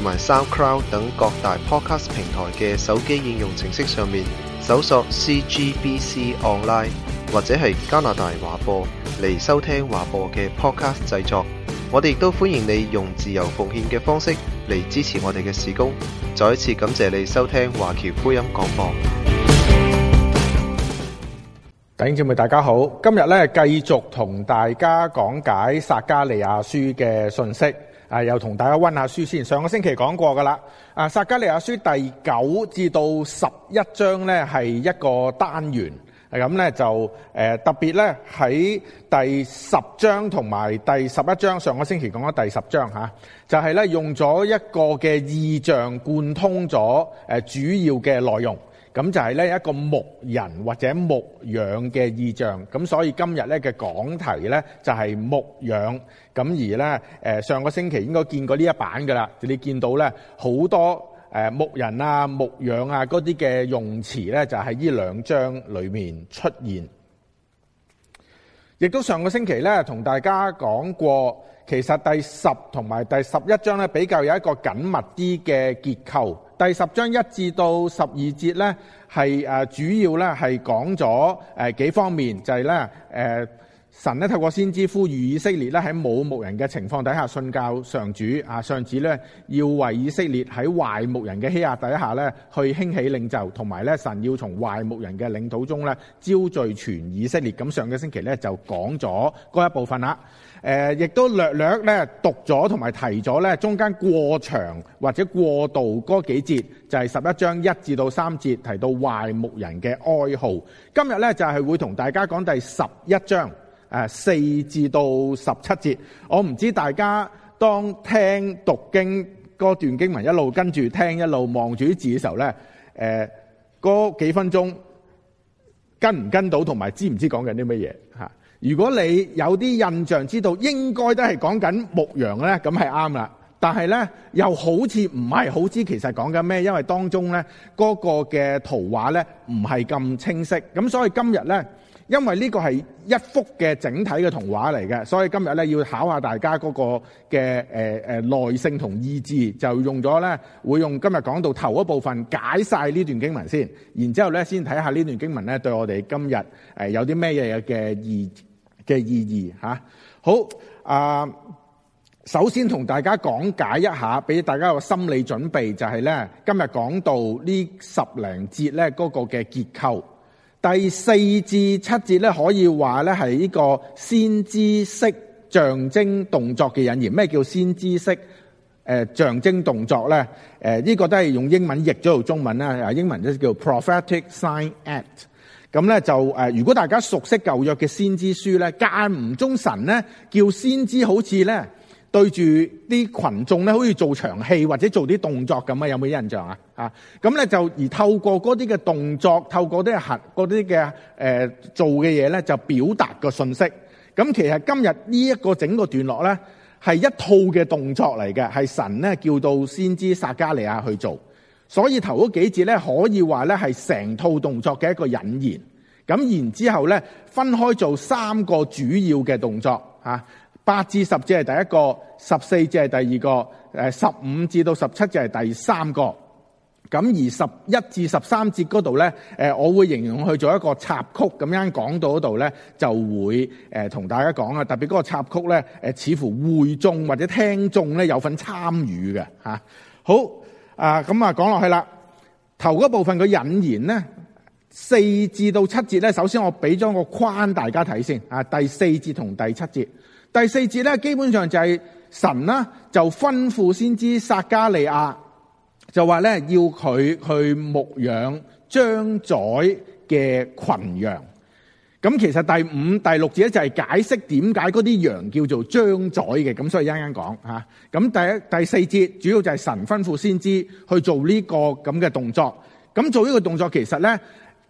同埋 SoundCloud 等各大 Podcast 平台嘅手機應用程式上面搜索 CGBC Online 或者係加拿大華播嚟，收聽華播嘅 Podcast 製作。我哋亦都歡迎你用自由奉獻嘅方式嚟支持我哋嘅事工。再一次感謝你收聽華僑福音廣播。弟兄姊妹大家好，今日咧繼續同大家講解撒迦利亞書嘅信息。啊，又同大家溫下書先。上個星期講過噶啦。啊，撒迦利亞書第九至到十一章呢，係一個單元。咁呢，就誒、呃、特別呢喺第十章同埋第十一章。上個星期講咗第十章嚇、啊，就係、是、呢用咗一個嘅意象貫通咗、呃、主要嘅內容。咁就係呢一個牧人或者牧養嘅意象，咁所以今日呢嘅講題呢，就係牧養，咁而呢，上個星期應該見過呢一版噶啦，你見到呢好多誒牧人啊、牧養啊嗰啲嘅用詞呢，就喺呢兩章裏面出現。亦都上個星期呢，同大家講過，其實第十同埋第十一章呢，比較有一個緊密啲嘅結構。第十章一至到十二節呢，係誒主要呢係講咗誒幾方面，就係、是、呢，誒、呃、神呢透過先知呼籲以色列呢喺冇牧人嘅情況底下信教上主啊，上主呢，要為以色列喺壞牧人嘅欺壓底下呢去興起領袖，同埋呢神要從壞牧人嘅領土中呢招聚全以色列。咁上個星期呢，就講咗嗰一部分啦。誒、呃，亦都略略咧讀咗同埋提咗咧，中間過場或者過度嗰幾節，就係十一章一至到三節提到壞牧人嘅哀號。今日咧就係、是、會同大家講第十一章誒四、呃、至到十七節。我唔知大家當聽讀經嗰段經文一路跟住聽一路望住啲字嘅時候咧，誒、呃、嗰幾分鐘跟唔跟到同埋知唔知講緊啲乜嘢？如果你有啲印象知道應該都係講緊牧羊咧，咁係啱啦。但係咧又好似唔係好知其實講緊咩，因為當中咧嗰個嘅圖畫咧唔係咁清晰。咁所以今日咧，因為呢個係一幅嘅整體嘅圖畫嚟嘅，所以今日咧要考下大家嗰個嘅誒誒耐性同意志，就用咗咧會用今日講到頭一部分解晒呢段經文先，然之後咧先睇下呢段經文咧對我哋今日誒、呃、有啲咩嘢嘅意。嘅意義吓，好啊！首先同大家講解一下，俾大家個心理準備，就係、是、咧今日講到十呢十零節咧嗰個嘅結構，第四至七節咧可以話咧係呢個先知式象徵動作嘅引言。咩叫先知式、呃、象徵動作咧？呢、呃這個都係用英文譯咗做中文啦，啊英文都叫 prophetic sign act。咁咧就誒，如果大家熟悉舊約嘅先知書咧，間唔中神咧叫先知好似咧對住啲群眾咧，好似做場戲或者做啲動作咁啊，有冇印象啊？啊，咁咧就而透過嗰啲嘅動作，透過啲行嗰啲嘅誒做嘅嘢咧，就表達個信息。咁其實今日呢一個整個段落咧，係一套嘅動作嚟嘅，係神咧叫到先知撒迦利亞去做。所以頭嗰幾節咧，可以話咧係成套動作嘅一個引言。咁然之後咧，分開做三個主要嘅動作。嚇，八至十節係第一個，十四節係第二個，誒十五至到十七節係第三個。咁而十一至十三節嗰度咧，我會形容去做一個插曲，咁樣講到嗰度咧就會同大家講啊。特別嗰個插曲咧，似乎會眾或者聽眾咧有份參與嘅。好。啊，咁、嗯、啊，講落去啦。頭嗰部分嘅引言咧，四至到七節咧，首先我俾咗個框大家睇先。啊，第四節同第七節。第四節咧，基本上就係神啦，就吩咐先知撒迦利亞，就話咧要佢去牧養將宰嘅群羊。咁其實第五、第六節就係解釋點解嗰啲羊叫做將宰嘅，咁所以啱啱講吓。咁第一第四節主要就係神吩咐先知去做呢個咁嘅動作。咁做呢個動作其實咧，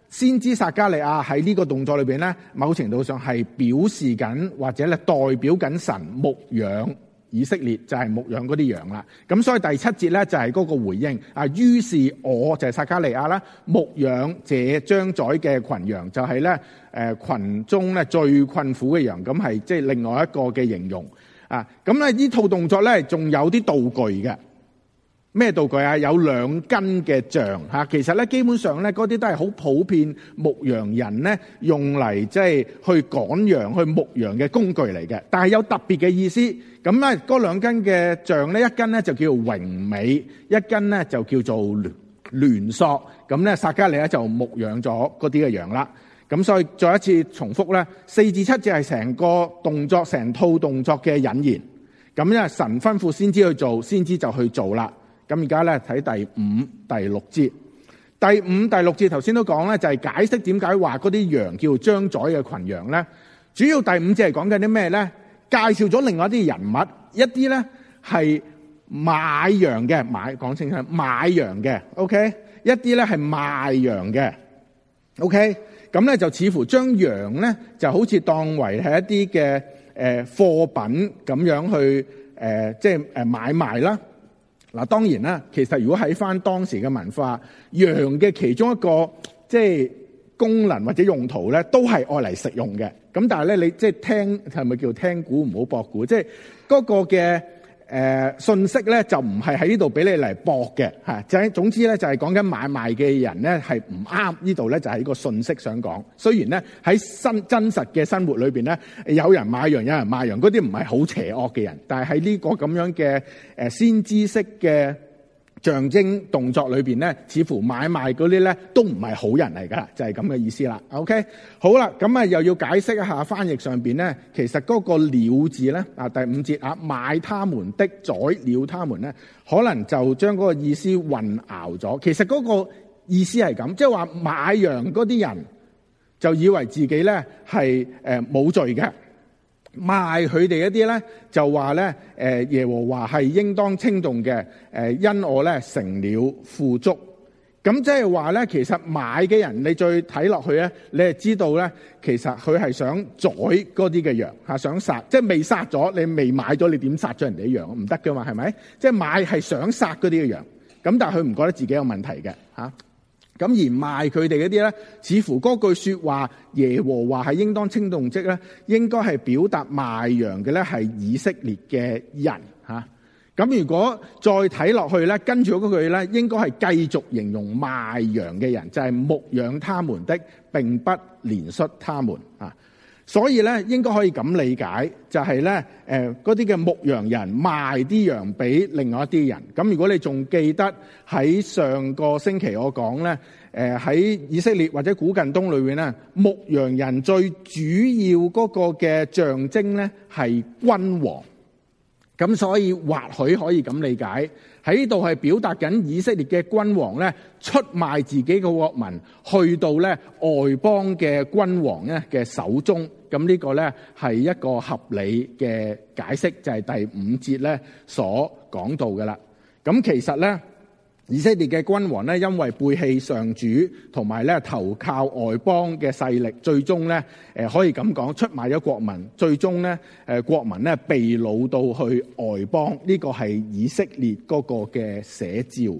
先知撒迦利亞喺呢個動作裏邊咧，某程度上係表示緊或者咧代表緊神牧養。以色列就係牧養嗰啲羊啦，咁所以第七節咧就係嗰個回應啊。於是我就係撒迦利亞啦，牧養這將宰嘅群，羊，群羊，就係咧誒群中咧最困苦嘅羊，咁係即係另外一個嘅形容啊。咁咧呢套動作咧仲有啲道具嘅。咩道具啊？有兩根嘅杖。其實咧基本上咧嗰啲都係好普遍牧羊人咧用嚟即係去趕羊、去牧羊嘅工具嚟嘅。但係有特別嘅意思。咁咧嗰兩根嘅杖咧，一根咧就叫做榮美，一根咧就叫做聯索。咁咧撒迦利咧就牧養咗嗰啲嘅羊啦。咁所以再一次重複咧，四至七節係成個動作、成套動作嘅引言。咁因為神吩咐先知去做，先知就去做啦。咁而家咧睇第五、第六節。第五、第六節頭先都講咧，就係解釋點解話嗰啲羊叫將宰嘅羣羊咧。主要第五節係講緊啲咩咧？介紹咗另外一啲人物，一啲咧係買羊嘅，買講清楚，買羊嘅。OK，一啲咧係賣羊嘅。OK，咁咧就似乎將羊咧就好似當為係一啲嘅誒貨品咁樣去誒，即係誒買賣啦。嗱當然啦，其實如果喺翻當時嘅文化，羊嘅其中一個即係功能或者用途咧，都係愛嚟食用嘅。咁但係咧，你即係聽係咪叫聽古唔好博古？即係嗰個嘅。誒、呃、信息咧就唔係喺呢度俾你嚟搏嘅嚇，總之咧就係講緊買賣嘅人咧係唔啱呢度咧就喺、是、個信息想講，雖然咧喺真真實嘅生活裏面咧有人買羊，有人賣羊，嗰啲唔係好邪惡嘅人，但係喺呢個咁樣嘅、呃、先知識嘅。象徵動作裏面咧，似乎買賣嗰啲咧都唔係好人嚟噶，就係咁嘅意思啦。OK，好啦，咁啊又要解釋一下翻譯上面咧，其實嗰個了字咧，啊第五節啊，買他們的宰了他們咧，可能就將嗰個意思混淆咗。其實嗰個意思係咁，即係話買羊嗰啲人就以為自己咧係誒冇罪嘅。賣佢哋一啲咧，就話咧，誒，耶和華係應當稱頌嘅，誒，因我咧成了富足。咁即係話咧，其實買嘅人，你再睇落去咧，你係知道咧，其實佢係想宰嗰啲嘅羊吓，想殺，即係未殺咗，你未買咗，你點殺咗人哋嘅羊？唔得噶嘛，係咪？即係買係想殺嗰啲嘅羊，咁但係佢唔覺得自己有問題嘅吓。咁而賣佢哋嗰啲咧，似乎嗰句說話耶和華係應當稱動職咧，應該係表達賣羊嘅咧係以色列嘅人吓。咁如果再睇落去咧，跟住嗰句咧，應該係繼續形容賣羊嘅人就係、是、牧養他們的並不憐恤他們啊。所以咧，應該可以咁理解，就係咧，誒嗰啲嘅牧羊人賣啲羊俾另外一啲人。咁如果你仲記得喺上個星期我講咧，誒喺以色列或者古近東裏面，咧，牧羊人最主要嗰個嘅象徵咧係君王。咁所以或許可以咁理解。喺度係表達緊以色列嘅君王咧出賣自己嘅國民，去到咧外邦嘅君王咧嘅手中。咁呢個咧係一個合理嘅解釋，就係第五節咧所講到㗎啦。咁其實咧。以色列嘅君王咧，因為背棄上主，同埋咧投靠外邦嘅勢力，最終咧誒可以咁講，出賣咗國民，最終咧誒國民咧被擄到去外邦，呢個係以色列嗰個嘅寫照。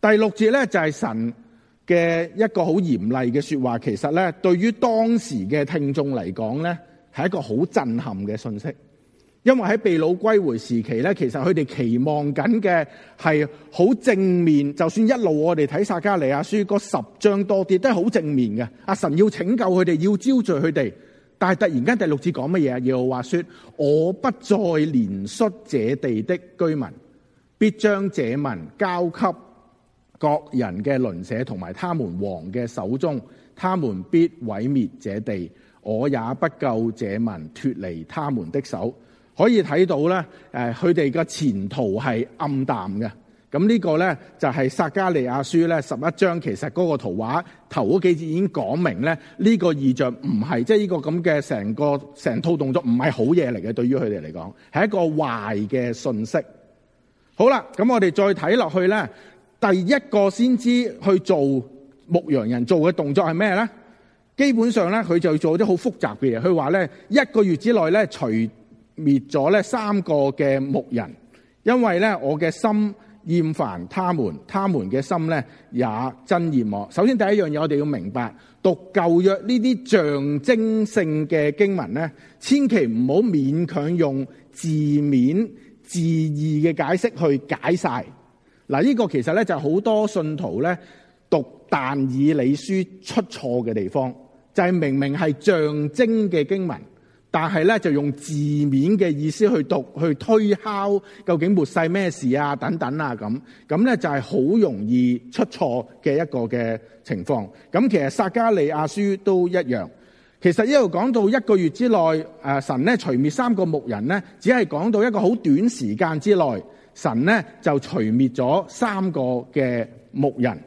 第六節咧就係神嘅一個好嚴厲嘅說話，其實咧對於當時嘅聽眾嚟講咧係一個好震撼嘅信息。因為喺被擄歸回時期咧,其實佢哋期望緊嘅係好正面。就算一路我哋睇撒迦利亞書嗰十章多啲,都係好正面嘅。阿神要拯救佢哋,要招聚佢哋。但係突然間第六節講乜嘢啊？耶和華說：我不再憐恤這地的居民,必將這民交給各人嘅鄰舍同埋他們王嘅手中,他們必毀滅這地。我也不救這民脱離他們的手。可以睇到咧，誒，佢哋嘅前途係暗淡嘅。咁呢個咧就係、是、撒迦利亞書咧十一章，其實嗰個圖畫頭嗰幾節已經講明咧，呢、這個異象唔係即係呢個咁嘅成個成套動作唔係好嘢嚟嘅，對於佢哋嚟講係一個壞嘅訊息。好啦，咁我哋再睇落去咧，第一個先知去做牧羊人做嘅動作係咩咧？基本上咧，佢就做啲好複雜嘅嘢。佢話咧一個月之內咧，除滅咗咧三個嘅牧人，因為咧我嘅心厭煩他們，他們嘅心咧也真厭我。首先第一樣嘢，我哋要明白讀舊約呢啲象徵性嘅經文咧，千祈唔好勉強用字面字義嘅解釋去解晒。嗱、這、呢個其實咧就係好多信徒咧讀但以理書出錯嘅地方，就係、是、明明係象徵嘅經文。但係咧就用字面嘅意思去讀去推敲，究竟末世咩事啊？等等啊，咁咁咧就係好容易出錯嘅一個嘅情況。咁其實撒迦利亞書都一樣。其實一路講到一個月之內，誒、啊、神咧除滅三個牧人咧，只係講到一個好短時間之內，神咧就除滅咗三個嘅牧人。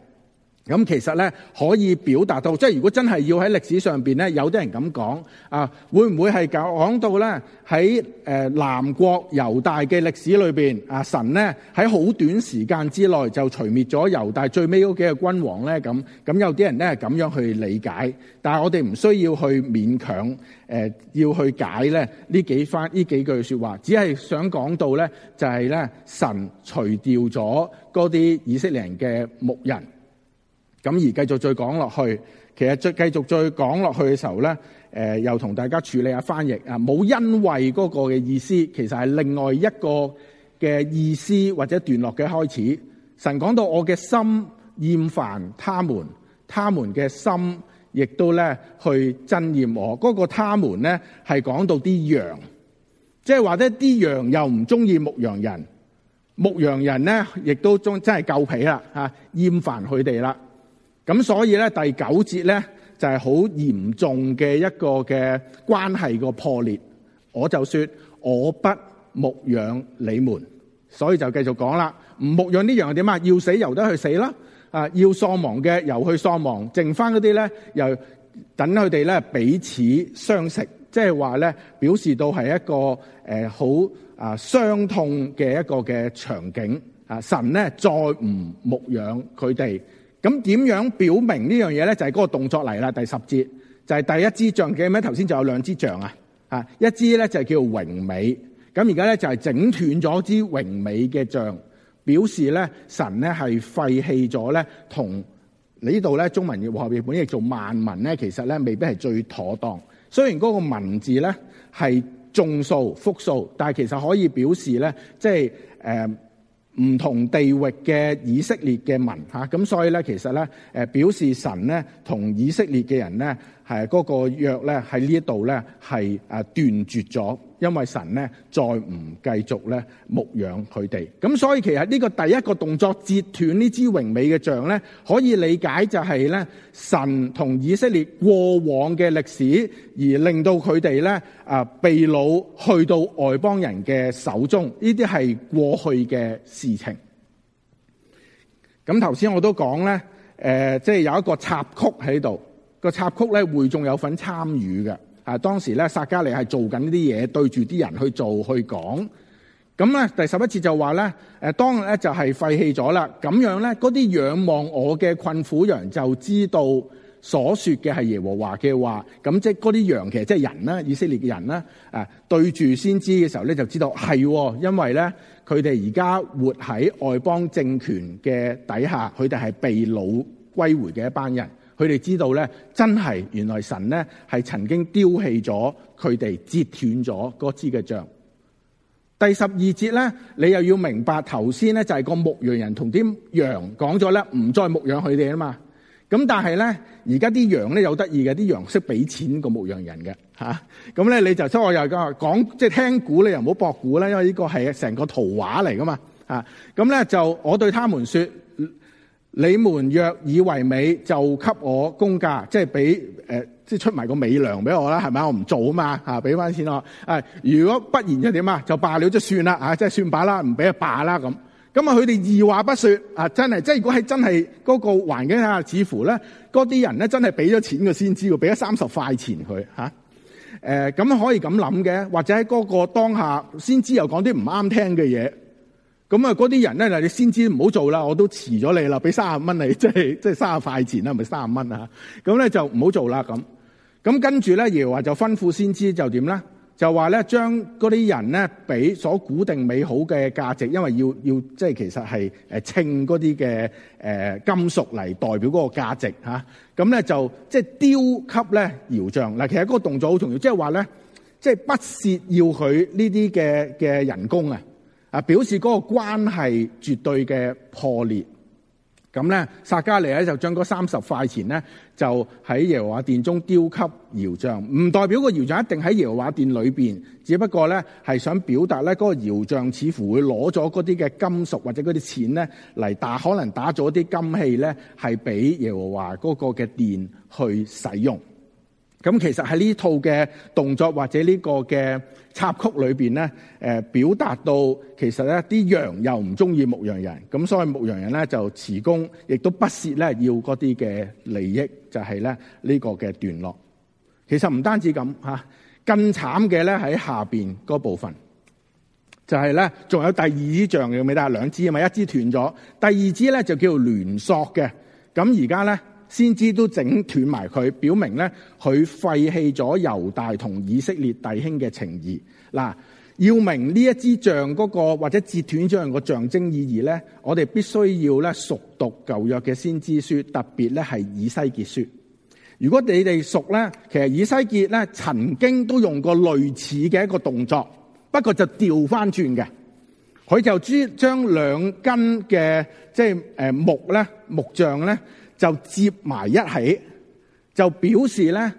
咁其實咧可以表達到，即係如果真係要喺歷史上邊咧，有啲人咁講啊，會唔會係講到咧喺誒南國猶大嘅歷史裏邊啊？神咧喺好短時間之內就除滅咗猶大最尾嗰幾個君王咧，咁咁有啲人咧係咁樣去理解，但係我哋唔需要去勉強誒、呃、要去解咧呢幾番呢幾句說話，只係想講到咧就係、是、咧神除掉咗嗰啲以色列人嘅牧人。咁而繼續再講落去，其實再繼續再講落去嘅時候咧、呃，又同大家處理下翻譯啊。冇因為嗰個嘅意思，其實係另外一個嘅意思或者段落嘅開始。神講到我嘅心厭煩他們，他們嘅心亦都咧去憎嫌我嗰、那個他們咧係講到啲羊，即係話者啲羊又唔中意牧羊人，牧羊人咧亦都中真係夠皮啦嚇厭煩佢哋啦。厭煩咁所以咧第九節咧就係、是、好嚴重嘅一個嘅關係個破裂，我就說我不牧養你們，所以就繼續講啦。唔牧養呢樣係點啊？要死由得佢死啦！啊，要喪亡嘅由去喪亡，剩翻嗰啲咧又等佢哋咧彼此相食，即係話咧表示到係一個誒、呃、好啊傷痛嘅一個嘅場景啊！神咧再唔牧養佢哋。咁點樣表明呢樣嘢咧？就係、是、嗰個動作嚟啦。第十節就係、是、第一支杖嘅咩？頭先就有兩支杖啊，一支咧就係叫做榮美。咁而家咧就係、是、整斷咗支榮美嘅杖，表示咧神咧係廢棄咗咧，同你呢度咧中文譯和合本亦做萬民咧，其實咧未必係最妥當。雖然嗰個文字咧係眾數複數，但係其實可以表示咧即係誒唔同地域嘅以色列嘅民吓，咁所以咧，其實咧，誒表示神咧同以色列嘅人咧，係嗰個約咧，喺呢一度咧係誒斷絕咗。因為神咧再唔繼續咧牧養佢哋，咁所以其實呢個第一個動作截斷呢支榮美嘅杖，咧，可以理解就係咧神同以色列過往嘅歷史，而令到佢哋咧啊被擄去到外邦人嘅手中，呢啲係過去嘅事情。咁頭先我都講咧，誒、呃，即、就、係、是、有一個插曲喺度，個插曲咧會仲有份參與嘅。啊！當時咧，撒迦利係做緊呢啲嘢，對住啲人去做去講。咁咧，第十一節就話咧、啊，當當咧就係廢棄咗啦。咁樣咧，嗰啲仰望我嘅困苦羊就知道，所說嘅係耶和華嘅話。咁即嗰啲羊，其實即係人啦，以色列嘅人啦，誒、啊、對住先知嘅時候咧，就知道係，因為咧佢哋而家活喺外邦政權嘅底下，佢哋係被擄歸回嘅一班人。佢哋知道咧，真係原來神咧係曾經丟棄咗佢哋，截斷咗嗰支嘅杖。第十二節咧，你又要明白頭先咧就係個牧羊人同啲羊講咗咧，唔再牧養佢哋啊嘛。咁但係咧，而家啲羊咧有羊得意嘅，啲羊識俾錢個牧羊人嘅嚇。咁、啊、咧你就即我又講即係聽古你又唔好駁古啦，因為呢個係成個圖畫嚟噶嘛嚇。咁、啊、咧就我對他們說。你們若以為美，就給我工價，即係俾誒，即係出埋個美糧俾我啦，係咪我唔做啊嘛，嚇，俾翻錢我。如果不然就點啊？就罷了，就了、啊，即算啦，即係算罷啦，唔俾啊罷啦咁。咁啊，佢哋二話不說啊，真係，即係如果係真係嗰個環境下，似乎咧，嗰啲人咧真係俾咗錢嘅先知喎，俾咗三十塊錢佢嚇。咁、啊呃、可以咁諗嘅，或者喺嗰個當下先知又講啲唔啱聽嘅嘢。咁啊，嗰啲人咧你先知唔好做啦，我都辭咗你啦，俾卅蚊你，即係即係卅塊錢啦，咪卅蚊啊！咁咧就唔好做啦咁。咁跟住咧，話就吩咐先知就點咧？就話咧將嗰啲人咧俾所估定美好嘅價值，因為要要即係其實係誒稱嗰啲嘅誒金屬嚟代表嗰個價值嚇。咁啊咧就即係丟給咧窯匠嗱，其實嗰個動作好重要，即係話咧即係不屑要佢呢啲嘅嘅人工啊。啊！表示嗰個關係絕對嘅破裂咁咧，撒迦利咧就將嗰三十塊錢咧就喺耶和華殿中丟給遙像，唔代表個遙像一定喺耶和華殿裏邊，只不過咧係想表達咧嗰個遙像似乎會攞咗嗰啲嘅金屬或者嗰啲錢咧嚟打，可能打咗啲金器咧係俾耶和華嗰個嘅殿去使用。咁其實喺呢套嘅動作或者呢個嘅插曲裏面咧、呃，表達到其實咧啲羊又唔中意牧羊人，咁所以牧羊人咧就辭工，亦都不屑咧要嗰啲嘅利益，就係咧呢個嘅段落。其實唔單止咁嚇，更慘嘅咧喺下面嗰部分，就係咧仲有第二支杖嘅，未得啊兩支啊嘛，一支斷咗，第二支咧就叫做聯索嘅，咁而家咧。先知都整斷埋佢，表明咧佢廢棄咗猶大同以色列弟兄嘅情誼。嗱，要明呢一支杖嗰個或者截斷咗樣個象徵意義咧，我哋必須要咧熟讀舊約嘅先知書，特別咧係以西結書。如果你哋熟咧，其實以西結咧曾經都用過類似嘅一個動作，不過就調翻轉嘅，佢就將將兩根嘅即係誒木咧木杖咧。就接埋一起，就表示咧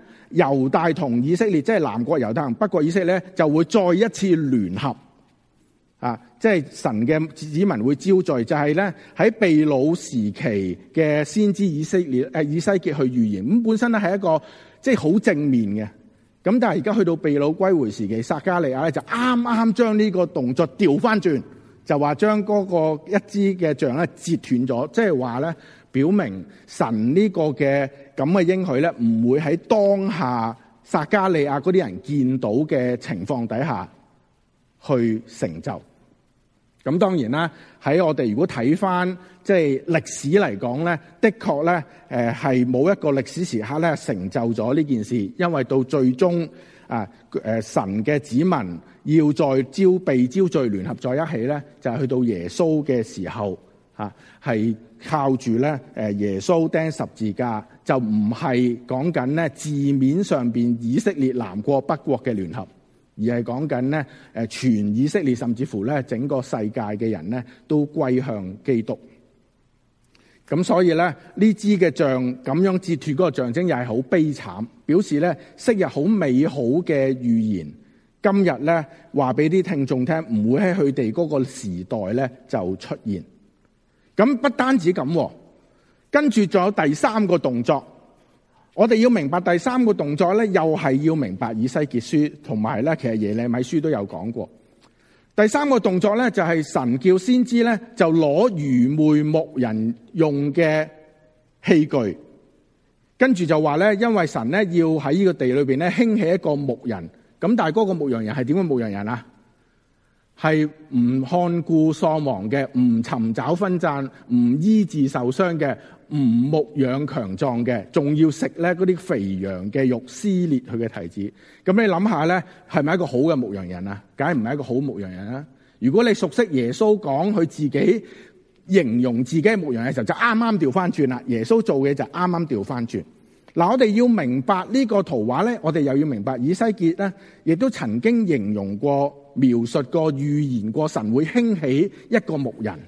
猶大同以色列，即係南國猶大同北國以色列咧，就會再一次聯合啊！即係神嘅子民會招聚，就係咧喺被擄時期嘅先知以色列、啊、以西結去預言，咁本身咧係一個即係好正面嘅，咁但係而家去到被擄歸回時期，撒迦利亞咧就啱啱將呢個動作調返轉，就話將嗰個一支嘅杖咧截斷咗，即係話咧。表明神呢個嘅咁嘅應許咧，唔會喺當下撒迦利亞嗰啲人見到嘅情況底下去成就。咁當然啦，喺我哋如果睇翻即係歷史嚟講咧，的確咧，誒係冇一個歷史時刻咧成就咗呢件事，因為到最終啊，誒神嘅子民要再招被招聚聯合在一起咧，就係、是、去到耶穌嘅時候。嚇係靠住咧，誒耶穌釘十字架，就唔係講緊咧字面上邊以色列南國北國嘅聯合，而係講緊咧誒全以色列，甚至乎咧整個世界嘅人咧都歸向基督。咁所以咧呢支嘅像，咁樣截斷嗰個象徵，又係好悲慘，表示咧昔日好美好嘅預言，今日咧話俾啲聽眾聽，唔會喺佢哋嗰個時代咧就出現。咁不單止咁、啊，跟住仲有第三個動作。我哋要明白第三個動作咧，又係要明白以西結書同埋咧，其實耶利米書都有講過。第三個動作咧，就係、是、神叫先知咧，就攞愚昧牧人用嘅器具，跟住就話咧，因為神咧要喺呢個地裏面咧興起一個牧人。咁但係嗰個牧羊人係點嘅牧羊人啊？係唔看顧喪亡嘅，唔尋找分散，唔醫治受傷嘅，唔牧養強壯嘅，仲要食咧嗰啲肥羊嘅肉，撕裂佢嘅蹄子。咁你諗下咧，係咪一個好嘅牧羊人啊？梗係唔係一個好牧羊人啦！如果你熟悉耶穌講佢自己形容自己嘅牧羊嘅時候，就啱啱調翻轉啦。耶穌做嘅就啱啱調翻轉。嗱，我哋要明白呢個圖畫咧，我哋又要明白以西結咧，亦都曾經形容過。描述過預言過，神會興起一個牧人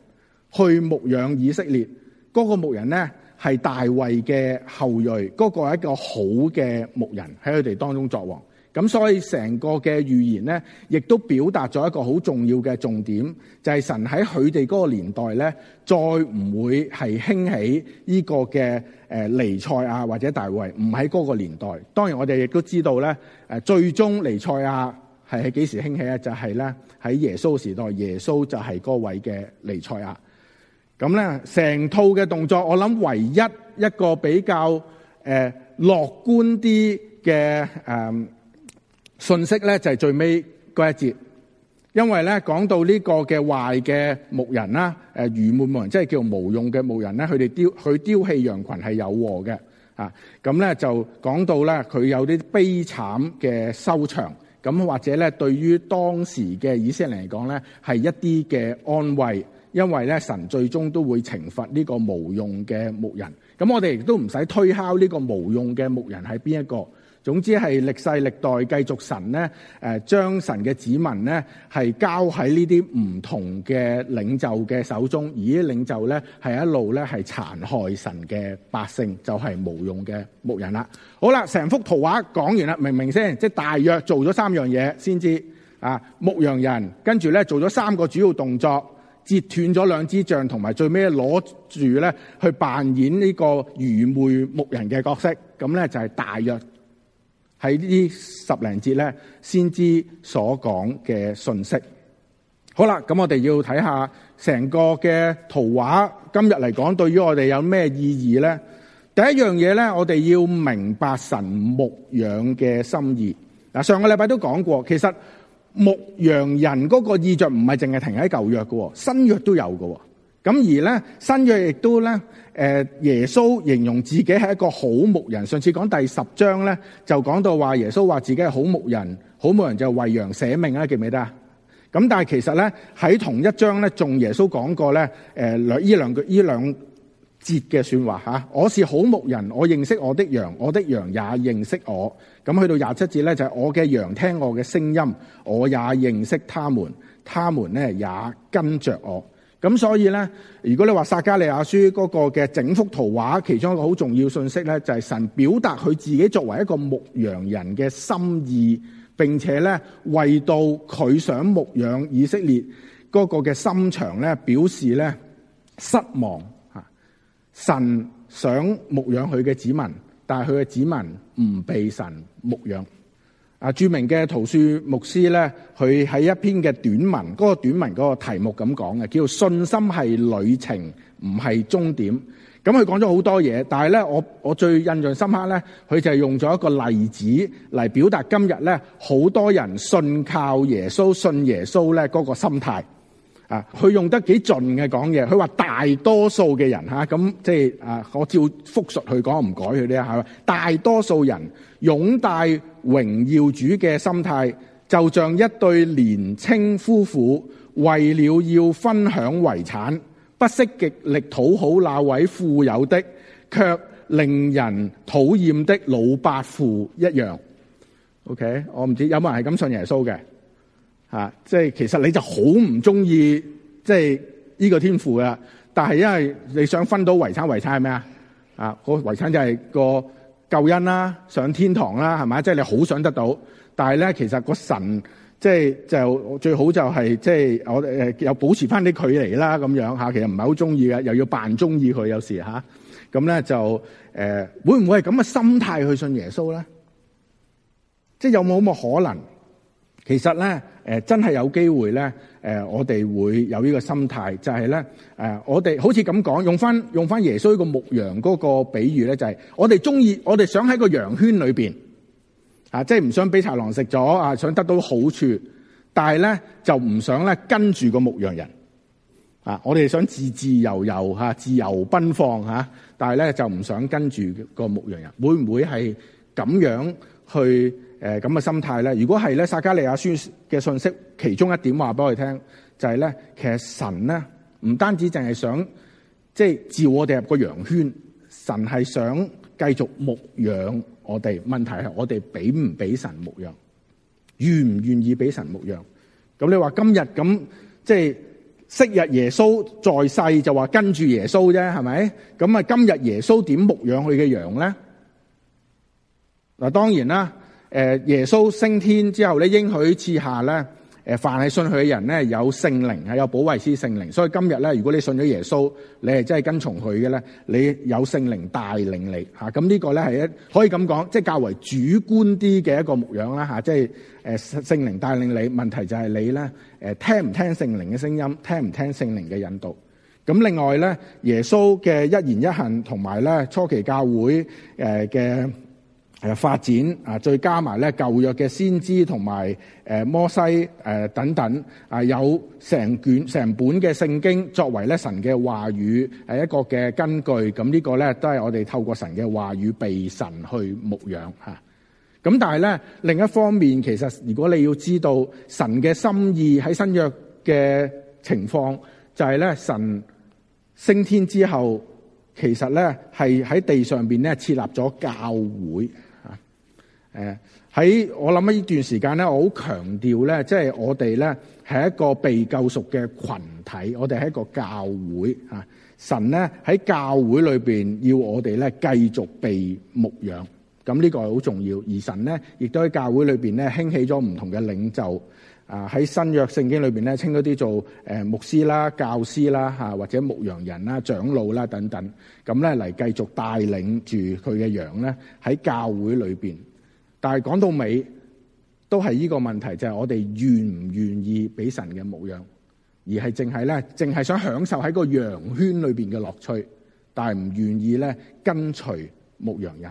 去牧養以色列，嗰、那個牧人呢，係大衛嘅後裔，嗰、那個係一個好嘅牧人喺佢哋當中作王。咁所以成個嘅預言呢，亦都表達咗一個好重要嘅重點，就係、是、神喺佢哋嗰個年代呢，再唔會係興起呢個嘅誒尼賽亞或者大衛唔喺嗰個年代。當然我哋亦都知道呢，最終尼賽亞。係喺幾時興起啊？就係咧喺耶穌時代，耶穌就係嗰位嘅尼賽亞咁咧。成套嘅動作，我諗唯一一個比較誒樂觀啲嘅誒信息咧，就係最尾嗰一節，因為咧講到呢個嘅壞嘅牧人啦，誒愚昧牧人，即係叫無用嘅牧人咧，佢哋丟佢丟棄羊群係有禍嘅啊。咁咧就講到咧佢有啲悲慘嘅收場。咁或者咧，對於當時嘅以色列嚟講咧，係一啲嘅安慰，因為咧神最終都會懲罰呢個無用嘅牧人。咁我哋亦都唔使推敲呢個無用嘅牧人係邊一個。總之係歷世歷代繼續神咧，誒將神嘅子民咧係交喺呢啲唔同嘅領袖嘅手中，而啲領袖咧係一路咧係殘害神嘅百姓，就係、是、無用嘅牧人啦。好啦，成幅圖畫講完啦，明唔明先？即係大約做咗三樣嘢先知啊。牧羊人跟住咧做咗三個主要動作，截斷咗兩支杖，同埋最尾攞住咧去扮演呢個愚昧牧人嘅角色。咁咧就係、是、大約。喺呢十零節咧，先知所講嘅信息。好啦，咁我哋要睇下成個嘅圖畫。今日嚟講，對於我哋有咩意義咧？第一樣嘢咧，我哋要明白神牧養嘅心意。嗱，上個禮拜都講過，其實牧羊人嗰個意象唔係淨係停喺舊約㗎，新約都有㗎。咁而咧，新約亦都咧。誒，耶穌形容自己係一個好牧人。上次講第十章呢，就講到話耶穌話自己係好牧人，好牧人就為羊捨命啦，記唔記得啊？咁但係其實呢，喺同一章呢，仲，耶穌講過呢，誒，兩依兩句兩節嘅說話吓，我是好牧人，我認識我的羊，我的羊也認識我。咁去到廿七節呢，就係我嘅羊聽我嘅聲音，我也認識他們，他們咧也跟着我。咁所以咧，如果你話撒迦利亞書嗰個嘅整幅圖畫，其中一個好重要信息咧，就係神表達佢自己作為一個牧羊人嘅心意，並且咧為到佢想牧養以色列嗰個嘅心腸咧，表示咧失望吓。神想牧養佢嘅子民，但係佢嘅子民唔被神牧養。啊，著名嘅圖書牧師咧，佢喺一篇嘅短文，嗰個短文嗰個題目咁講嘅，叫做信心係旅程，唔係終點，咁佢講咗好多嘢，但係咧，我我最印象深刻咧，佢就係用咗一個例子嚟表達今日咧，好多人信靠耶穌信耶穌咧嗰個心態。啊！佢用得幾盡嘅講嘢，佢話大多數嘅人咁、啊，即係啊，我照複述去講，唔改佢啲嚇。大多數人擁戴榮耀主嘅心態，就像一對年青夫婦為了要分享遺產，不惜極力討好那位富有的，卻令人討厭的老伯父一樣。OK，我唔知有冇人係咁信耶穌嘅。啊，即係其實你就好唔中意，即係呢個天父噶，但係因為你想分到遺產，遺產，遺產係咩啊？啊，個遺產就係個救恩啦，上天堂啦，係咪？即係你好想得到，但係咧其實個神即係就最好就係即係我哋誒又保持翻啲距離啦，咁樣吓，其實唔係好中意嘅，又要扮中意佢有時吓，咁咧就誒，呃，會唔會係咁嘅心態去信耶穌咧？即係有冇咁嘅可能？其實咧、呃，真係有機會咧，誒、呃、我哋會有呢個心態，就係、是、咧，誒、呃、我哋好似咁講，用返用返耶穌個牧羊嗰個比喻咧，就係、是、我哋鍾意，我哋想喺個羊圈裏面，啊，即係唔想俾豺狼食咗啊，想得到好處，但係咧就唔想咧跟住個牧羊人，啊，我哋想自自由由、啊、自由奔放嚇、啊，但係咧就唔想跟住個牧羊人，會唔會係咁樣去？誒，咁嘅心態咧，如果係咧撒迦利亞書嘅信息，其中一點話俾我哋聽，就係咧，其實神咧唔單止淨係想即係照我哋入個羊圈，神係想繼續牧養我哋。問題係我哋俾唔俾神牧養，願唔願意俾神牧養？咁你話今日咁即係昔日耶穌在世就話跟住耶穌啫，係咪？咁啊，今日耶穌點牧養佢嘅羊咧？嗱，當然啦。誒，耶穌升天之後咧，你應許賜下咧，誒，凡係信佢嘅人咧，有聖靈啊，有保惠師聖靈。所以今日咧，如果你信咗耶穌，你係真係跟從佢嘅咧，你有聖靈帶領你吓。咁呢個咧，係一可以咁講，即係較為主觀啲嘅一個模樣啦吓。即係誒，聖靈帶領你，問題就係你咧，誒，聽唔聽聖靈嘅聲音，聽唔聽聖靈嘅引導。咁另外咧，耶穌嘅一言一行同埋咧，初期教會誒嘅。誒，發展啊，再加埋咧舊約嘅先知同埋誒摩西誒等等啊，有成卷成本嘅聖經作為咧神嘅話語係一個嘅根據，咁呢個咧都係我哋透過神嘅話語被神去牧養吓。咁但係咧另一方面，其實如果你要知道神嘅心意喺新約嘅情況，就係咧神升天之後，其實咧係喺地上邊咧設立咗教會。誒、呃、喺我諗咧呢段時間咧，我好強調咧，即、就、係、是、我哋咧係一個被救贖嘅群體，我哋係一個教會啊！神咧喺教會裏邊要我哋咧繼續被牧養。咁呢個係好重要。而神咧亦都喺教會裏邊咧興起咗唔同嘅領袖啊，喺新約聖經裏邊咧稱嗰啲做誒牧師啦、教師啦嚇或者牧羊人啦、長老啦等等，咁咧嚟繼續帶領住佢嘅羊咧喺教會裏邊。但係講到尾，都係呢個問題，就係、是、我哋願唔願意俾神嘅牧養，而係淨係咧，淨係想享受喺個羊圈裏邊嘅樂趣，但係唔願意咧跟隨牧羊人。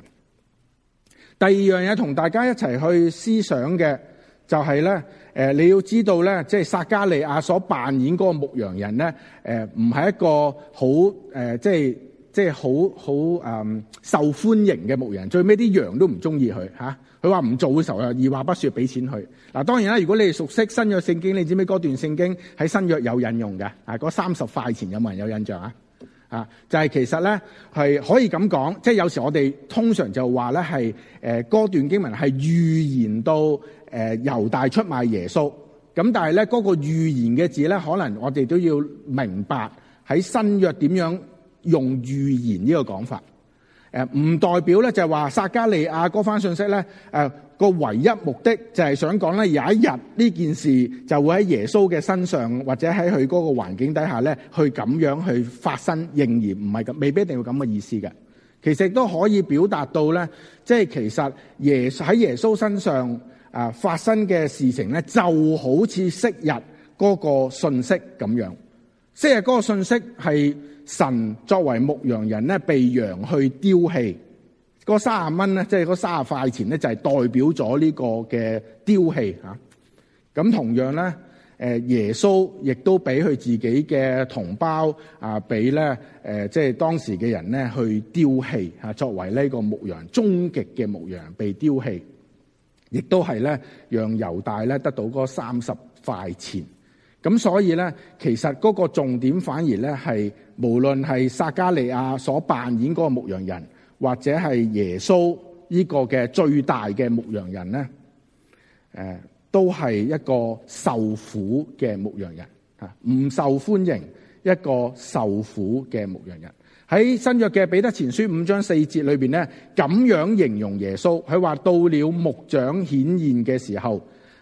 第二樣嘢同大家一齊去思想嘅，就係、是、咧，誒、呃，你要知道咧，即係撒迦利亞所扮演嗰個牧羊人咧，誒、呃，唔係一個好誒、呃，即係。即係好好誒受歡迎嘅牧人，最尾啲羊都唔中意佢嚇。佢話唔做嘅時候，二話不說，俾錢佢。嗱、啊，當然啦，如果你熟悉新約聖經，你知唔知嗰段聖經喺新約有引用嘅？啊嗰三十塊錢有冇人有印象啊？啊，就係、是、其實咧係可以咁講，即、就、係、是、有時我哋通常就話咧係誒嗰段經文係預言到誒猶、呃、大出賣耶穌。咁但係咧嗰個預言嘅字咧，可能我哋都要明白喺新約點樣。用預言呢個講法，誒唔代表咧就係話撒迦利亞嗰番信息咧誒個唯一目的就係想講咧，有一日呢件事就會喺耶穌嘅身上或者喺佢嗰個環境底下咧，去咁樣去發生，仍然唔係咁，未必一定要咁嘅意思嘅。其實都可以表達到咧，即係其實耶喺耶穌身上啊發生嘅事情咧，就好似昔日嗰個信息咁樣，即係嗰個信息係。神作為牧羊人咧，被羊去丟棄。嗰卅蚊咧，即係嗰卅塊錢咧，就係代表咗呢個嘅丟棄嚇。咁同樣咧，誒耶穌亦都俾佢自己嘅同胞啊，俾咧誒即係當時嘅人咧去丟棄嚇，作為呢個牧羊終極嘅牧羊被丟棄，亦都係咧讓猶大咧得到嗰三十塊錢。咁所以咧，其實嗰個重點反而咧係，無論係撒加利亞所扮演嗰個牧羊人，或者係耶穌呢個嘅最大嘅牧羊人咧，呃，都係一個受苦嘅牧羊人啊，唔受歡迎一個受苦嘅牧羊人。喺新約嘅彼得前書五章四節裏面咧，咁樣形容耶穌，佢話到了牧長顯現嘅時候，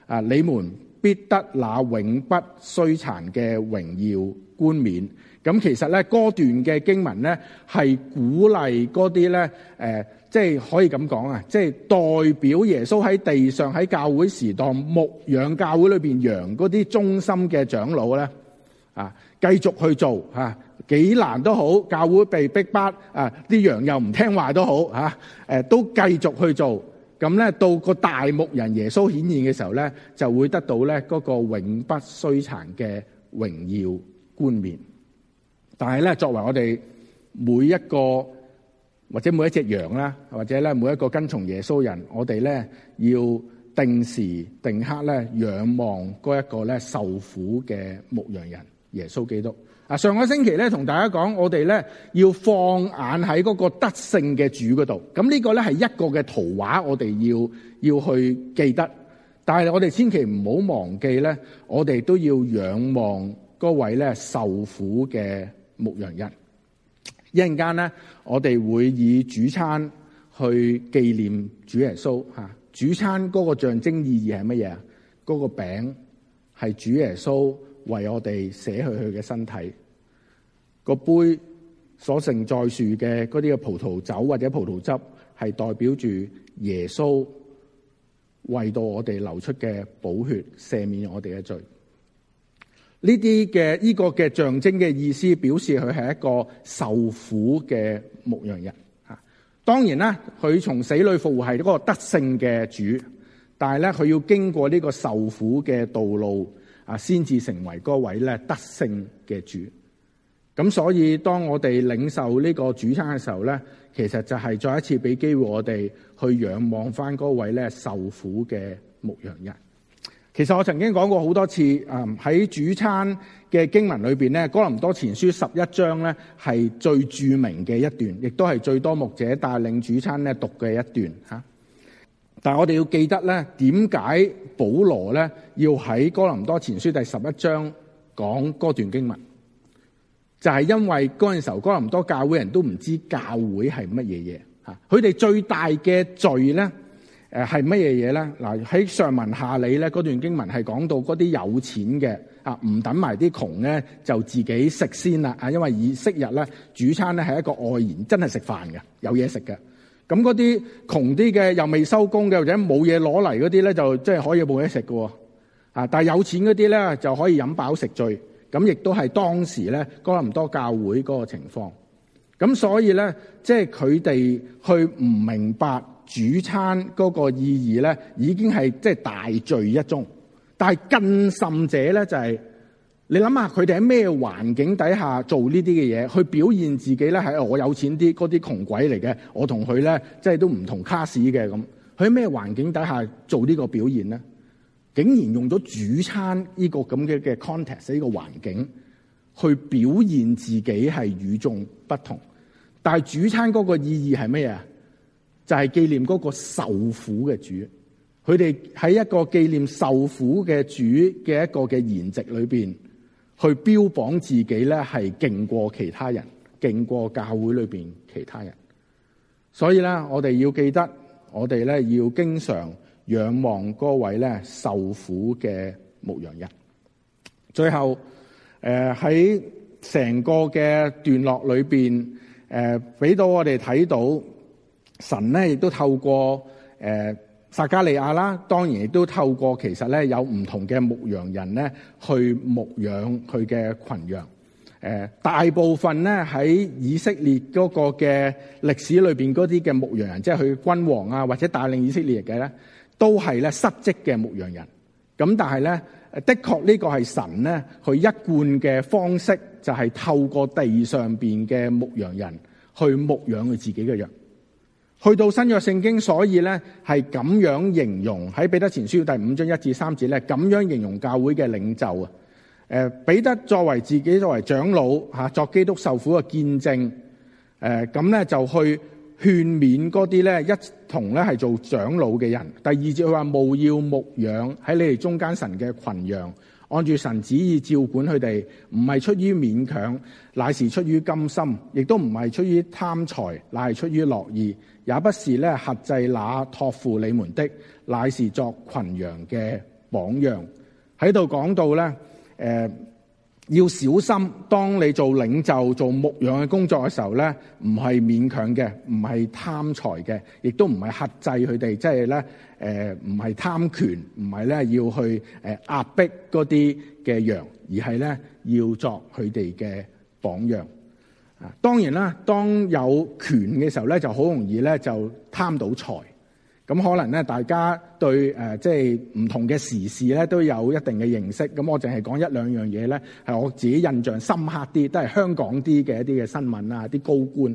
啊，呃，你們，必得那永不衰殘嘅榮耀冠冕。咁其實咧，歌段嘅經文咧係鼓勵嗰啲咧，即、呃、係、就是、可以咁講啊，即、就、係、是、代表耶穌喺地上喺教會時代牧養教會裏面羊嗰啲忠心嘅長老咧，啊，繼續去做嚇，幾、啊、難都好，教會被逼迫，啊，啲羊又唔聽話都好嚇、啊啊，都繼續去做。咁咧到個大牧人耶穌顯現嘅時候咧，就會得到咧嗰個永不衰殘嘅榮耀冠冕。但係咧，作為我哋每一個或者每一隻羊啦，或者咧每一個跟從耶穌人，我哋咧要定時定刻咧仰望嗰一個咧受苦嘅牧羊人耶穌基督。嗱，上個星期咧，同大家講，我哋咧要放眼喺嗰個得勝嘅主嗰度。咁呢個咧係一個嘅圖畫，我哋要要去記得。但係我哋千祈唔好忘記咧，我哋都要仰望嗰位咧受苦嘅牧羊人。一陣間咧，我哋會以主餐去紀念主耶穌。嚇，主餐嗰個象徵意義係乜嘢啊？嗰、嗰個餅係主耶穌為我哋捨去佢嘅身體。個杯所盛載住嘅嗰啲嘅葡萄酒或者葡萄汁，係代表住耶穌為到我哋流出嘅寶血，赦免我哋嘅罪。呢啲嘅呢個嘅象徵嘅意思，表示佢係一個受苦嘅牧羊人。吓，當然啦，佢從死裏復活係一個得勝嘅主，但係咧佢要經過呢個受苦嘅道路啊，先至成為嗰位咧得勝嘅主。咁所以，當我哋領受呢個主餐嘅時候呢，其實就係再一次俾機會我哋去仰望翻嗰位呢受苦嘅牧羊人。其實我曾經講過好多次，喺主餐嘅經文裏面，呢《哥林多前書》十一章呢係最著名嘅一段，亦都係最多牧者帶領主餐呢讀嘅一段嚇。但係我哋要記得呢，點解保羅呢要喺《哥林多前書》第十一章講嗰段經文？就係因為嗰陣時候，哥林多教會人都唔知教會係乜嘢嘢嚇，佢哋最大嘅罪咧，誒係乜嘢嘢咧？嗱喺上文下理咧，嗰段經文係講到嗰啲有錢嘅啊，唔等埋啲窮咧就自己食先啦啊，因為以昔日咧，主餐咧係一個外延，真係食飯嘅，有嘢食嘅。咁嗰啲窮啲嘅又未收工嘅或者冇嘢攞嚟嗰啲咧，就即係可以冇嘢食嘅喎啊！但係有錢嗰啲咧就可以飲飽食醉。咁亦都係當時咧，哥林多教會嗰個情況。咁所以咧，即係佢哋去唔明白主餐嗰個意義咧，已經係即係大罪一宗。但係更甚者咧，就係你諗下，佢哋喺咩環境底下做呢啲嘅嘢，去表現自己咧？係我有錢啲，嗰啲窮鬼嚟嘅。我同佢咧，即係都唔同卡士嘅咁。佢喺咩環境底下做呢個表現咧？竟然用咗主餐呢個咁嘅嘅 context 呢個環境，去表現自己係與眾不同。但係主餐嗰個意義係咩啊？就係紀念嗰個受苦嘅主。佢哋喺一個紀念受苦嘅主嘅一個嘅筵席裏邊，去標榜自己咧係勁過其他人，勁過教會裏邊其他人。所以咧，我哋要記得，我哋咧要經常。仰望嗰位咧受苦嘅牧羊人。最後，誒喺成個嘅段落裏邊，誒、呃、俾到我哋睇到神咧，亦都透過誒、呃、撒加利亞啦，當然亦都透過其實咧有唔同嘅牧羊人咧去牧養佢嘅群羊。誒、呃、大部分咧喺以色列嗰個嘅歷史裏邊嗰啲嘅牧羊人，即係佢君王啊，或者帶領以色列嘅咧。都係咧失職嘅牧羊人，咁但係咧的確呢個係神咧佢一貫嘅方式，就係透過地上邊嘅牧羊人去牧養佢自己嘅羊。去到新約聖經，所以咧係咁樣形容。喺彼得前書第五章一至三節咧咁樣形容教會嘅領袖啊，誒彼得作為自己作為長老吓作基督受苦嘅見證，誒咁咧就去。勸勉嗰啲咧一同咧係做長老嘅人。第二節佢話，務要牧養喺你哋中間神嘅群羊，按住神旨意照管佢哋，唔係出於勉強，乃是出於甘心，亦都唔係出於貪財，乃係出於樂意，也不是咧轄制那托付你們的，乃是作群羊嘅榜樣。喺度講到咧，誒、呃。要小心，當你做領袖、做牧羊嘅工作嘅時候咧，唔係勉強嘅，唔係貪財嘅，亦都唔係克制佢哋，即係咧，誒唔係貪權，唔係咧要去誒壓迫嗰啲嘅羊，而係咧要作佢哋嘅榜樣啊，當然啦，當有權嘅時候咧，就好容易咧就貪到財。咁可能咧，大家對誒即係唔同嘅時事咧都有一定嘅認識。咁我淨係講一兩樣嘢咧，係我自己印象深刻啲，都係香港啲嘅一啲嘅新聞啊，啲高官。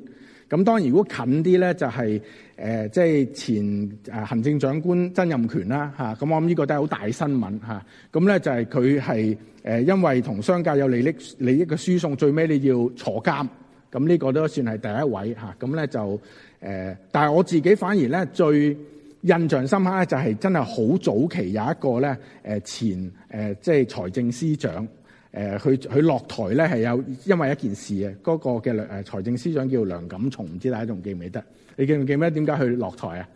咁當然如果近啲咧，就係誒即係前誒行政長官曾蔭權啦吓。咁我諗呢個都係好大新聞吓。咁咧就係佢係誒因為同商界有利益利益嘅輸送，最尾你要坐監。咁呢個都算係第一位吓。咁咧就誒、呃，但係我自己反而咧最印象深刻咧，就係真係好早期有一個咧，前即係財政司長，誒佢佢落台咧係有因為一件事，嗰個嘅誒財政司長叫梁錦松，唔知大家仲記唔記得？你記唔記得？點解佢落台啊？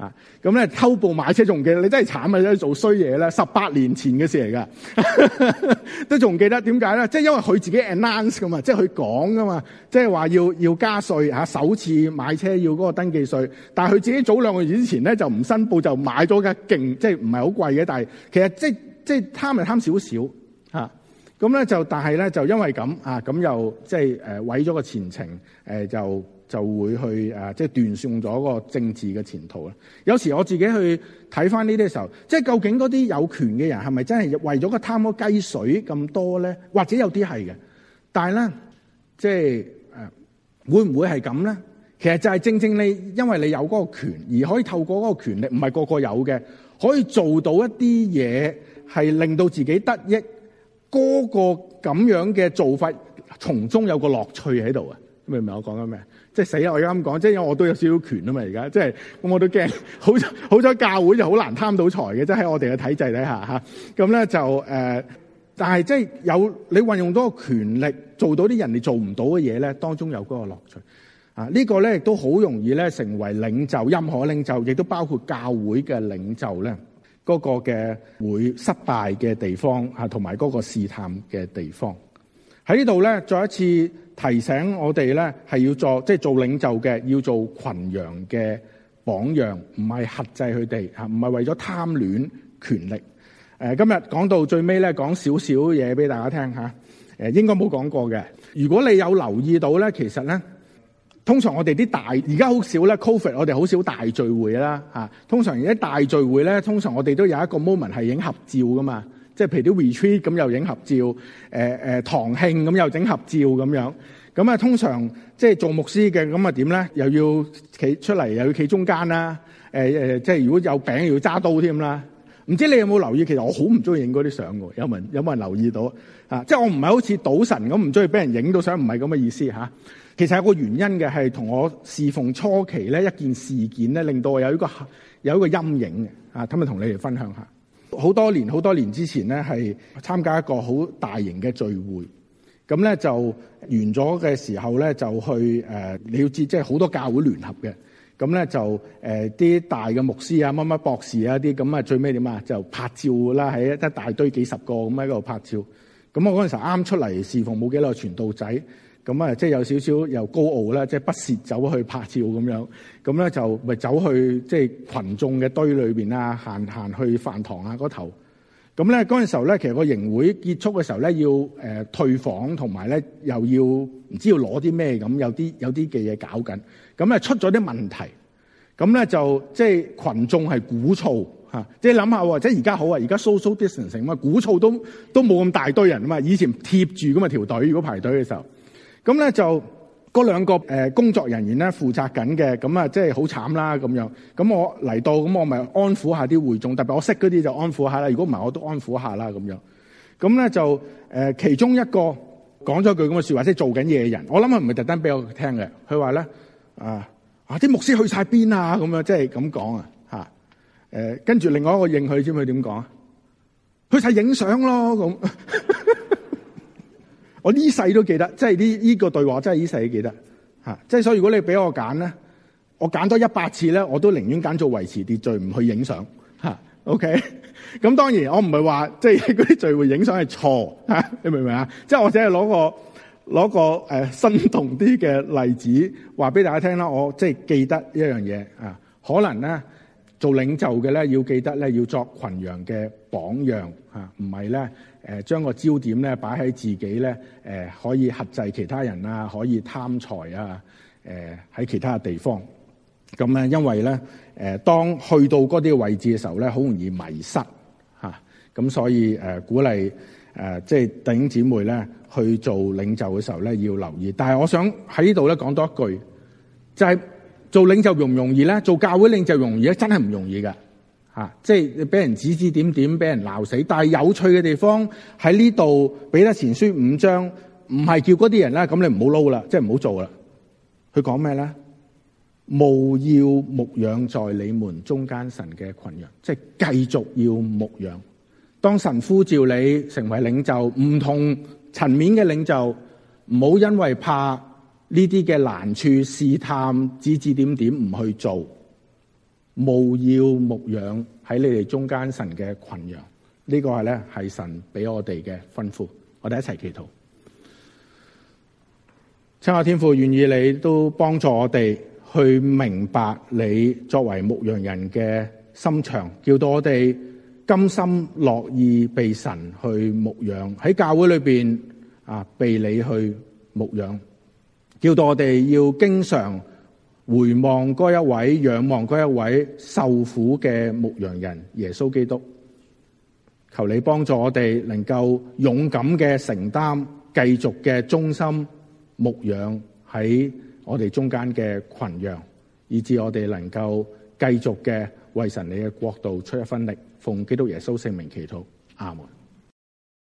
啊，咁咧偷步買車，仲記得？你真係慘啊！你做衰嘢啦，十八年前嘅事嚟噶，都仲記得點解咧？即係因為佢自己 announce 噶嘛，即係佢講噶嘛，即係話要要加稅、啊、首次買車要嗰個登記稅。但係佢自己早兩個月之前咧就唔申報就買咗嘅，勁即係唔係好貴嘅。但係其實即係即係貪咪貪少少嚇。咁、啊、咧、啊、就但係咧就因為咁啊咁、啊、又即係誒毀咗個前程誒、呃、就。就會去即係斷送咗個政治嘅前途啦。有時我自己去睇翻呢啲時候，即係究竟嗰啲有權嘅人係咪真係為咗個貪污雞水咁多咧？或者有啲係嘅，但係咧，即係誒，會唔會係咁咧？其實就係正正你因為你有嗰個權，而可以透過嗰個權力，唔係個個有嘅，可以做到一啲嘢係令到自己得益。嗰個咁樣嘅做法，從中有個樂趣喺度，明唔明我講緊咩？即係死我而家咁講，即係因為我都有少少權啊嘛！而家即係，我都驚，好彩好彩，教會就好難貪到財嘅。即係喺我哋嘅體制底下咁咧就誒、呃，但係即係有你運用多個權力做到啲人哋做唔到嘅嘢咧，當中有嗰個樂趣啊！這個、呢個咧亦都好容易咧成為領袖，任何領袖亦都包括教會嘅領袖咧，嗰、那個嘅會失敗嘅地方同埋嗰個試探嘅地方喺呢度咧，再一次。提醒我哋咧，係要做即係、就是、做領袖嘅，要做群羊嘅榜樣，唔係克制佢哋，唔係為咗貪戀權力、呃。今日講到最尾咧，講少少嘢俾大家聽嚇。誒、啊，應該冇講過嘅。如果你有留意到咧，其實咧，通常我哋啲大而家好少咧 COVID 我哋好少大聚會啦、啊、通常而家大聚會咧，通常我哋都有一個 moment 係影合照噶嘛。即係譬如啲 retreat 咁又影合照，誒誒堂慶咁又整合照咁樣，咁啊通常即係做牧師嘅咁啊點咧？又要企出嚟，又要企中間啦，誒、呃、即係如果有餅又要揸刀添啦。唔知你有冇留意？其實我好唔中意影嗰啲相嘅，有冇人有冇人留意到啊？即係我唔係好似賭神咁唔中意俾人影到相，唔係咁嘅意思、啊、其實有個原因嘅係同我侍奉初期咧一件事件咧，令到我有一個有一個陰影嘅啊，今日同你哋分享下。好多年，好多年之前咧，係參加一個好大型嘅聚會，咁咧就完咗嘅時候咧，就去誒，你要知即係好多教會聯合嘅，咁咧就誒啲大嘅牧師啊、乜乜博士啊啲，咁啊最尾點啊，就拍照啦，喺一大堆幾十個咁喺度拍照，咁我嗰陣時啱出嚟侍奉冇幾耐，傳道仔。咁啊，即係有少少又高傲啦，即係不屑走去拍照咁樣，咁咧就咪走去即係群眾嘅堆裏邊啊，行行去飯堂啊嗰頭，咁咧嗰陣時候咧，其實個營會結束嘅時候咧，要誒退房同埋咧又要唔知要攞啲咩咁，有啲有啲嘅嘢搞緊。咁啊出咗啲問題，咁咧就即係群眾係鼓噪吓，即係諗下或者而家好啊，而家 social distancing 啊嘛，鼓噪都都冇咁大堆人嘛。以前貼住咁啊條隊如果排隊嘅時候。咁咧就嗰兩個工作人員咧負責緊嘅，咁啊即係好慘啦咁樣。咁我嚟到，咁我咪安撫下啲會眾，特別我識嗰啲就安撫下啦。如果唔係，我都安撫下啦咁樣。咁咧就誒、呃、其中一個講咗句咁嘅説話，即係做緊嘢嘅人，我諗佢唔係特登俾我聽嘅。佢話咧啊，啊啲牧師去晒邊啊咁樣，即係咁講啊嚇。誒跟住另外一個應佢，知唔知佢點講啊？去晒影相咯咁。 我呢世都記得，即係呢呢個對話，真係呢世都記得即係、啊、所以，如果你俾我揀咧，我揀多一百次咧，我都寧願揀做維持秩序，唔去影相、啊、OK，咁當然我唔係話即係嗰啲聚會影相係錯、啊、你明唔明啊？即係我只係攞個攞個誒生動啲嘅例子話俾大家聽啦。我即係記得一樣嘢啊，可能咧。做領袖嘅咧，要記得咧，要作群羊嘅榜樣嚇，唔係咧，誒將個焦點咧擺喺自己咧，誒可以克制其他人啊，可以貪財啊，誒喺其他嘅地方。咁咧，因為咧，誒當去到嗰啲位置嘅時候咧，好容易迷失嚇。咁所以誒鼓勵誒即係弟兄姊妹咧去做領袖嘅時候咧，要留意。但係我想喺呢度咧講多一句，就係。做領袖容唔容易咧？做教會領袖容，容易咧？真係唔容易噶，吓、啊，即係俾人指指點點，俾人鬧死。但係有趣嘅地方喺呢度，彼得前書五章唔係叫嗰啲人咧，咁你唔好撈啦，即係唔好做啦。佢講咩咧？務要牧養在你們中間神嘅群羊，即係繼續要牧養。當神呼召你成為領袖，唔同層面嘅領袖，唔好因為怕。呢啲嘅難處試探，指指點點唔去做，務要牧養喺你哋中間神嘅群羊。呢個係咧係神俾我哋嘅吩咐。我哋一齊祈禱，親愛天父願意你都幫助我哋去明白你作為牧羊人嘅心腸，叫到我哋甘心樂意被神去牧養喺教會裏邊啊，被你去牧養，叫到我哋要經常回望嗰一位、仰望嗰一位受苦嘅牧羊人耶穌基督，求你幫助我哋能夠勇敢嘅承擔，繼續嘅忠心牧養喺我哋中間嘅群羊，以致我哋能夠繼續嘅為神你嘅國度出一分力，奉基督耶穌聖名祈禱，阿門。